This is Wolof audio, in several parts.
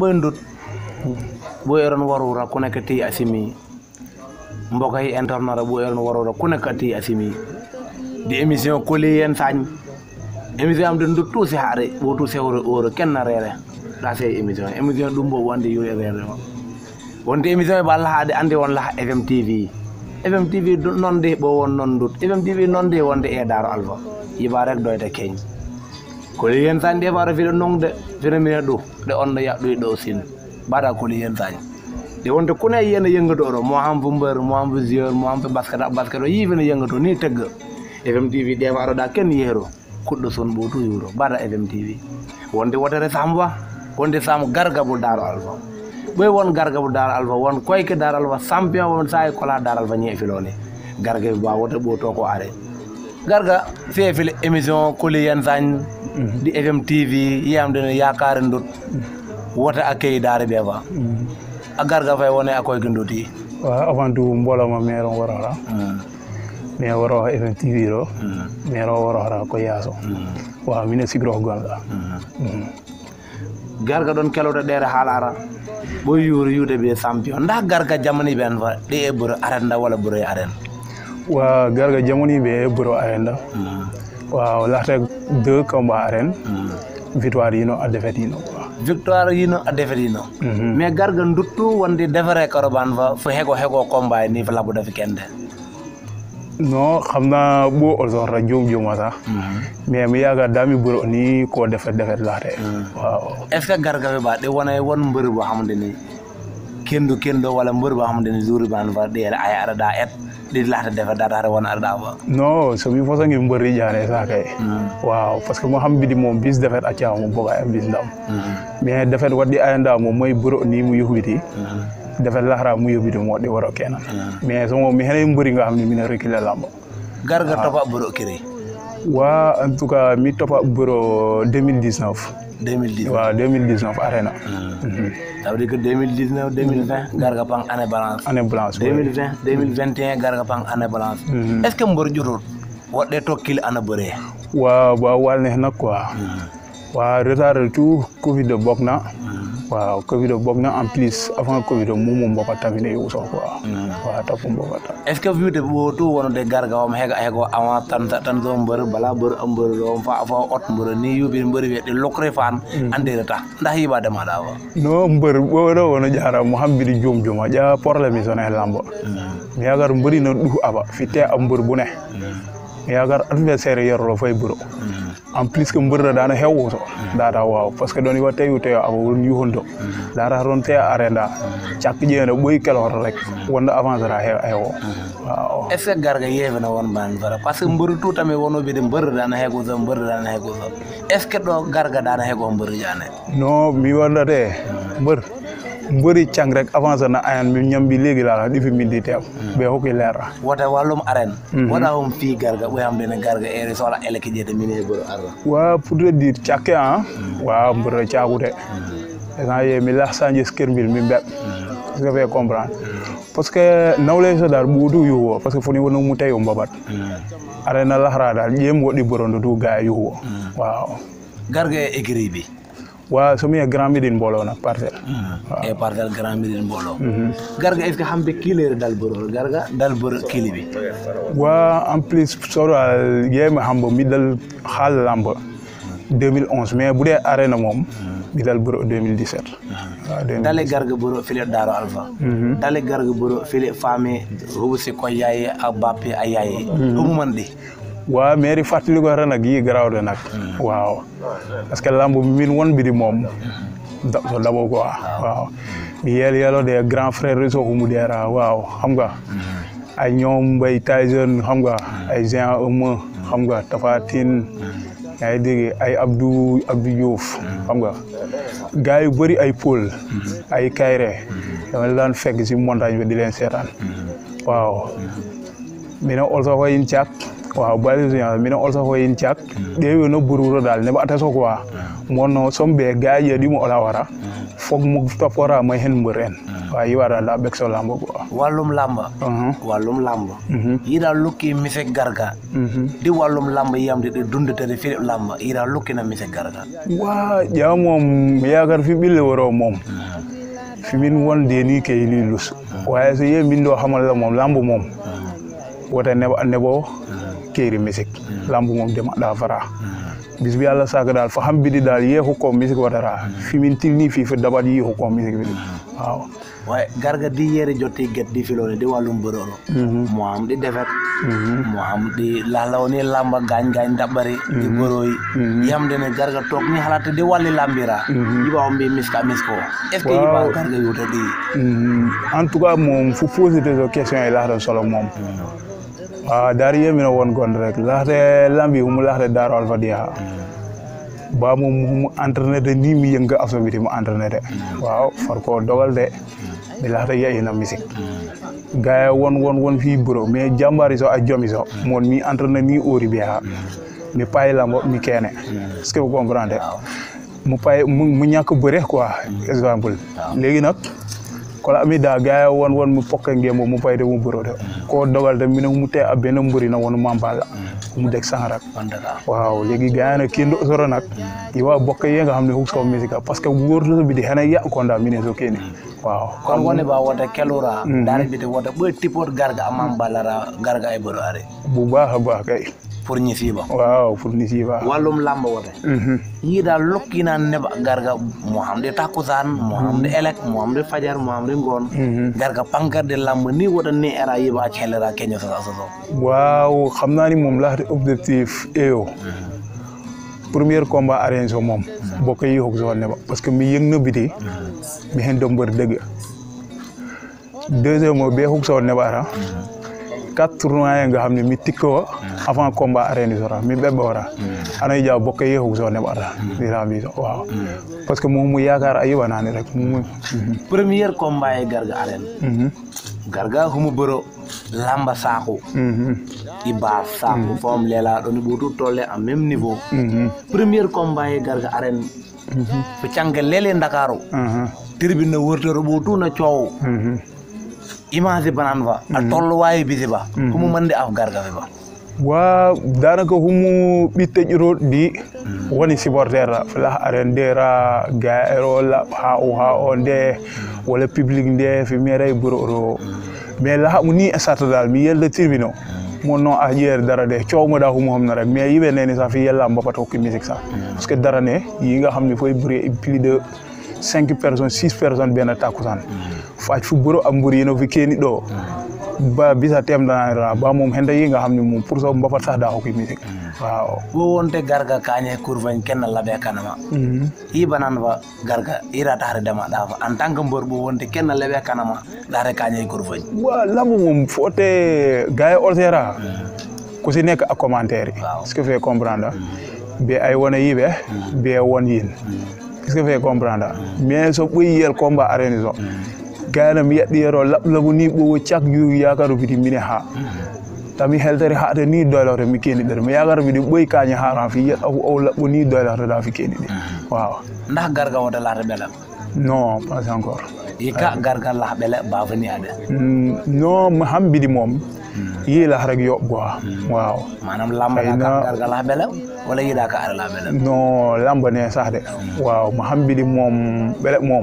bëndut boo yoroon waruura ku nekk tii asimi mbokk yi internet boo yoroon waruura ku nekk tii asimi di émission koli yen émission am den du tuusi haare bo tuusi hore ore kenn na reere da sey émission émission ɗum bo wande yuri won laha fm tv fm tv nonde won non dut fm tv nonde wonde e daro alpha yiba rek doyde keñ kuli yen tan de bara nong nongde fiɗo mbiya ɗo de on ɗo du do sin bara kuli yen tan de de kuna yeng iya yengoto ɗo mo hampo ber mo hampo jieur mo hampo basket a basket o yeng yengoto ni tegga fm tv ɗema da ken yeero kuɗɗo son ɓo toujours mbaɗa fm tv de wotere sam wa de sam bu daro alpha ɓoy won bu daro alpha won koyke daro alpha champion won sa kola daro alpha ñe filone garga ba wota ɓo to ko are garga fi émission emision yen Mm-hmm. di fm tv yiyamde no yakare ndut mm-hmm. wota akay daare be ba mm-hmm. agar ga fay akoy gënduti wa avant tout ma maire woro worora me mm. woro fm tv mm. me ro woro ra ko yaaso mm. wa mine ga gar garga don kelo dere halara bo yuri yuude be champion nda ga jamani ben fa de e buru arenda wala buru e arenda wa garga jamani be e buru arenda waaw ndaxte deux combats ren. Hmm. victoire yino a défaite yino quoi. victoire yino a défaite yino. Hmm. mais Garga nduttu wonde defere Koroban fa fo hego hego combat ni fa labuda fi kende. non xam naa bo o zorra juum juuma sax. Hmm. mais mi yaakaar daa mi bëri ni koo defet defet laate. est ce Garga fi ba de wonay won mbër boo xamante ni. kendo kendo wala mbur ba hamde ne jour ban varde ala ay da et di lahta defa da har won da ba no so mi fosa ngi mbori jare sa kay mm. waaw parce que mo ham di mom bis defet atia mo boga ay ya bis ndam mm. mais defet wadi ay ndam mo moy buro ni mu yuhwiti mm. defet lahra mu yuhwiti mo di waro kenan mais so mo mi hene mbori nga hamni mi ne rekile lamba garga ah. topa buro kire wa en tout cas mi topa buro 2019 2010 waaw 2019 arena. Hmm. ça veut dire que 2019 2020 Garga Pang année balance. année balance balance. est ce que mbër jotul. woɗɗe tokkil ana bëree. waaw waaw wàll na quoi. Hmm. waaw retard Covid de bokk na. Hmm. waaw Covid bokk na en plus avant Covid mumu mboka tabine yu so quoi waaw tapu mboka ta est-ce que viewde wotu wonde garga wam hega hego avant tan tan do mbeur bala mbeur am mbeur fa ot mbeur ni yubi mbeur wi de lokre fan mm. andere ta ndax yiba dama da wa no mbeur bo do wono jara muhammadu jom joma ja problème lambo mi mm. yagar mbeur no du aba fi te am mbeur bu ne mm. yagar ya, arbe sere yorlo ya, fay buro en hmm. plus que mburda dana hewwoto hmm. data waw parce que ɗon watte yu teyo ako won yuhondo data toon te ya, hmm. arenda cakki ƴeene ɓoyi keloto rek wonda avance ra hewo waaw est ce que garga yewena won ban bara par ce que mburu tout tami wonoɓe de mburda dana hego so mburda dana hego so est ce que ɗo garga dana hego mburjane non mi wondate mbur mbëri càng rek avancé na ayan mi ñambi léegi laala hmm. hmm. a mbindi teew ɓe hoki leera wota wallum aren waɗa hom fi garga ɓoyamdene garga ere sohla ele kiƴede mine ɓoro arra wa pour ah. hmm. wa mboro mi lah sanji skerbil mi mbeɓ parce que fe comprendre parce que nawle so dar ɓuutu yuhuwo par ce que foni wono mutay o mbaɓat arena lahra dal ƴeem woɗɗi borondo du ga yuhuwo waaw garga e écrit waa so mi ye Grand Médine mbooloo nag parcelle e parcelle Grand Médine mbooloo mhm. Garga est que xam be kiileere dalboro Garga dalboro kiili bi waa en plus soro yeema xambo mi dal xaal lamb 2011 mais bu dee arena moom mi dal boro 2017 waaw Garga boro file Daaro Alpha mhm. dale Garga boro file faame hobo si ko yaaye a bappe a yaaye ɗum mhm. man ɗi waa mairie fàttali ko nag yii garaaw de nag mm. waaw parce que lamb min won bidi moom so dabo quoi mm. waaw yeel de grand frère réseau mu deera waaw xam nga mm. ay ñoom Mbaye Tyson xam nga ay Jean Eumeu xam nga Tapha Tine yaa ngi dégg ay Abdou Abdou Diouf xam nga gars yu bëri ay Paul ay Kayre dama leen daan fekk si montagne bi di leen seetaan waaw mine also ko yin caat waaw a mino olsa hoyin cak ɗewi no bururo dal neɓa ata sokowa hmm. mono sombe ga jeɗimo ola wara fog mo taforama hen mbor en hmm. waaw yi waɗa hmm. la ɓek so lambo quoi wallum lamba wallum lamba yiɗa lukki mise garga ɗi wallum lamba yiyamde ɗe dundetere fiɗe lamba yiɗa lukkina mise garga wa ƴawa mom yakar fi ɓille woro mom fimin wonde ni keyli lus waya so yemin ɗo hamalla mom lambo mom wota keri misik lambung om demak da fara bis bi yalla saka dal fa di dal ye hukum misik wadara fi min tilni fi fi dabadi ye hukum misik bi waaw way garga di yere joti get di filone di walum bororo mo mhm. am di defet mhm. mo am di ni lamba gañ gañ dabari di mhm. boroy yam dene garga tok ni halata di wali lambira yiba on bi miska misko est ce yi ba garga yoto di en tout cas mom fu poser des questions et la solo mom Ah, dari yemino wongon rek lahde lambi humo lahde daro alfadiya ha bamo humo entrainede ni mi yengga afsobiti mo entrainede waw farko dogal de mi lahde yeyino musique gaya won won won fi bureau mais jambari so a joomi so mon mi entraine ni ori ɓe ha mi payi lambo mi kene est ce que vous comprendre mu payi mu ñàkk bëre quoi mm. exemple léegi nag kono amida gaya won wonmo pokka ngemo mo bayde mo ɓurode ko dogal tan minen mu te abbe no mburina wonma balla omo deg sanrak waaw léegi gayano kendo soro nak mm. iwa bokka yenga hamne hukso mm. musique par ce que wortoto mbiɗi hene ya konda minen so keni mm. waaw kono woni mba wota kelora mm-hmm. dare mbiɗe wota tipot garga amam ballara garga e ɓoro are bo baha ba kay pour ñi siiba waaw pour ñi siiba wàllum làmb wote yii mhm. daal lokki neba garga moo xam de takkusaan moo xam de mhm. elek moo xam de fajar moo xam de ngoon mhm. garga pankar de làmb ni wote ni era yiba a ceelera keño soso waaw xam naa ni moom laxte objectif eyo premier combat arrangé moom bokk yi hog neba parce que mi yëg biti mi hen dombor dëgg deuxième o bee hug neba ara quatre tournois nga xam ne mi tikkowo avant combat arena sora mi ɓeɓɓora ano jaw bokke yehu so neɓata irambi so waaw parce que momu yakar a yiɓanani rek premier combat ye garga arena mhm. garga humo boro lamba saaku mhm. i baas saaku mhm. fom lelaɗo ni ɓotu tolle en même niveau premier combat ye garga arena fo cangge lele ndakaru tribune wortoro ɓotu na coow ima si banan ba a tolluwayi bisi ba humu mande af gargafe ba wa ko humu bitte ƴiroɗo di. Mm-hmm. woni la fala arendera, ndera ga ero ha o ha o nde mm-hmm. wala public nde fimera e bureau ɗo mais mm-hmm. laha mu ni dal mi yelde tribunal mon non a hier dara de da humu rek mais yibe neni sa fi yella mbapat ko musique sa parce que dara ne yi nga xamni foy buri plus de cinq personnes six personnes ɓe natta kusan faaj fubburo amburi fi keni ɗo ba bisa temɗananira ba mum hende yiga hamni mum pour ça mbafat sah da hokki musique waaw wo wonte garga kañe courvagne kenna laaɓe kanama mhm. yibananfa garga irata hare dema ɗafa en tant que mbor wonte kenna laaɓe kanama ɗare kañe courvagne wa lamu mum fote gaye oltera ku si nekk ak commentaire yi ce que fait comprendre ɓe mhm. ay won yin est ce que fe comprendre mais so ɓoyi yel combat areni so gayna mi yaɗɗiyero laɓlabu ni ɓowo cak yuwi yakaro fiti mine ha tami heltere haɗe ni doylore mi keni ɗere mi yakar mbiɗi ɓoyi ha haran fi yiyat aw laɓɓo ni doylore da fi keni ɗe wawa nda garga woda laata ɓelam No pas encore ika gar lah bele bavani ada hmm, no di mom yi la rek yo go waaw manam lamba gar gar lah bele wala yi da ka ar la bele no lamba ne sax de waaw di mom bele mom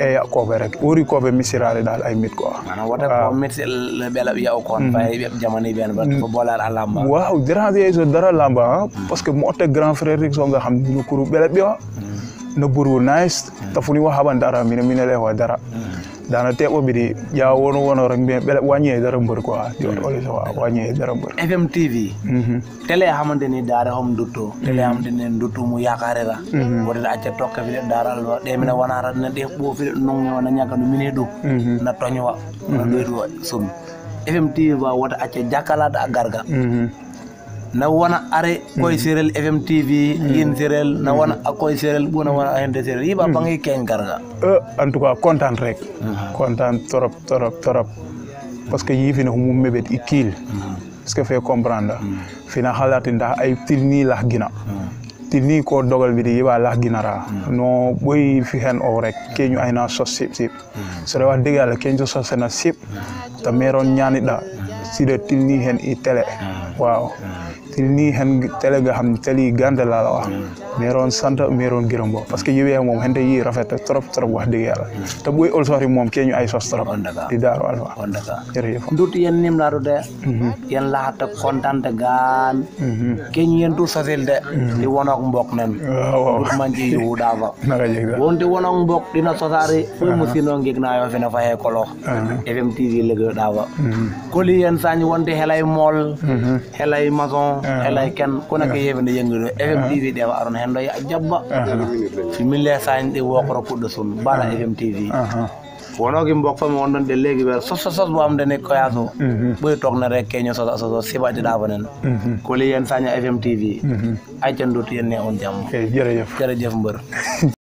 e eh, ya ko be rek ori ko be misirale dal ay mit ko manam wata ah. ko mit le bela ya ko fay be jamane ben ba ko bolal lamba waaw dara yeso dara lamba parce que mo te grand frère rek so nga xam ñu kuru bela bi wa hmm. no buru nice tafuni wa haban dara mina mina le wa dara dana te o bidi ya wono wono rek be bele wagne dara mbeur quoi di mm. wala so wagne dara mbeur fm tv mm-hmm. tele xamanteni dara hom dutto tele xamanteni mm-hmm. dutto mu yakare la mm-hmm. wala acca tokka fi dara lo de mina wanara na de bo fi nongi wona nyaka no mine do na toñwa na do do sum fm tv ba wata acca jakalata garga mm -hmm. na wana are koy mm-hmm. serel fm tv mm-hmm. yin serel na mm-hmm. wona koye sérel ɓuuna wona hende sérel yiɓa bangi ken garga en tout cas contente rek contente torop torop torop parce que yifine ko mum meɓet i kiil parce que fait comprendre fina halati nda ay tilni lah gina tilni ko dogal bidi la lah ra no boy fi hen o rek keñu ayna sos sip sip sore wa deg yalla sos na sip ta meron si de tilni hen i tele wow ni hen tele ga ham tali ganda la wax hmm. meron ron santa mi ron bo parce que yewé ya mom hande day rafet trop trop wax de yalla hmm. ta boy ol sori mom keñu ay sos trop di daru alfa ndut yen nim la de mm-hmm. yen la ta contante gaan mm-hmm. keñu yen du sosel de mm-hmm. di ak mbok nen ah, man ci yu da fa won di ak mbok dina sosari fo musino ngek na yo fi na faye ko lo fm tv le ga da ko li yen sañ won di helay mol helay maison helay ken kuna ke yewende a fm tv dewa aron hen ɗo a jabba uh-huh. fimmin lesani ɗi wokoro puɗɗo sum mbaɗa uh-huh. fm tv uh-huh. wono ki mbok fami wonɗon de léegi weer sos sos bo am dene koyaas o ɓuri tokna rek keño sos sos sos sibaji nen koli yen saña fm tv yen ne on jamma jërëjëf jërëjëf mbër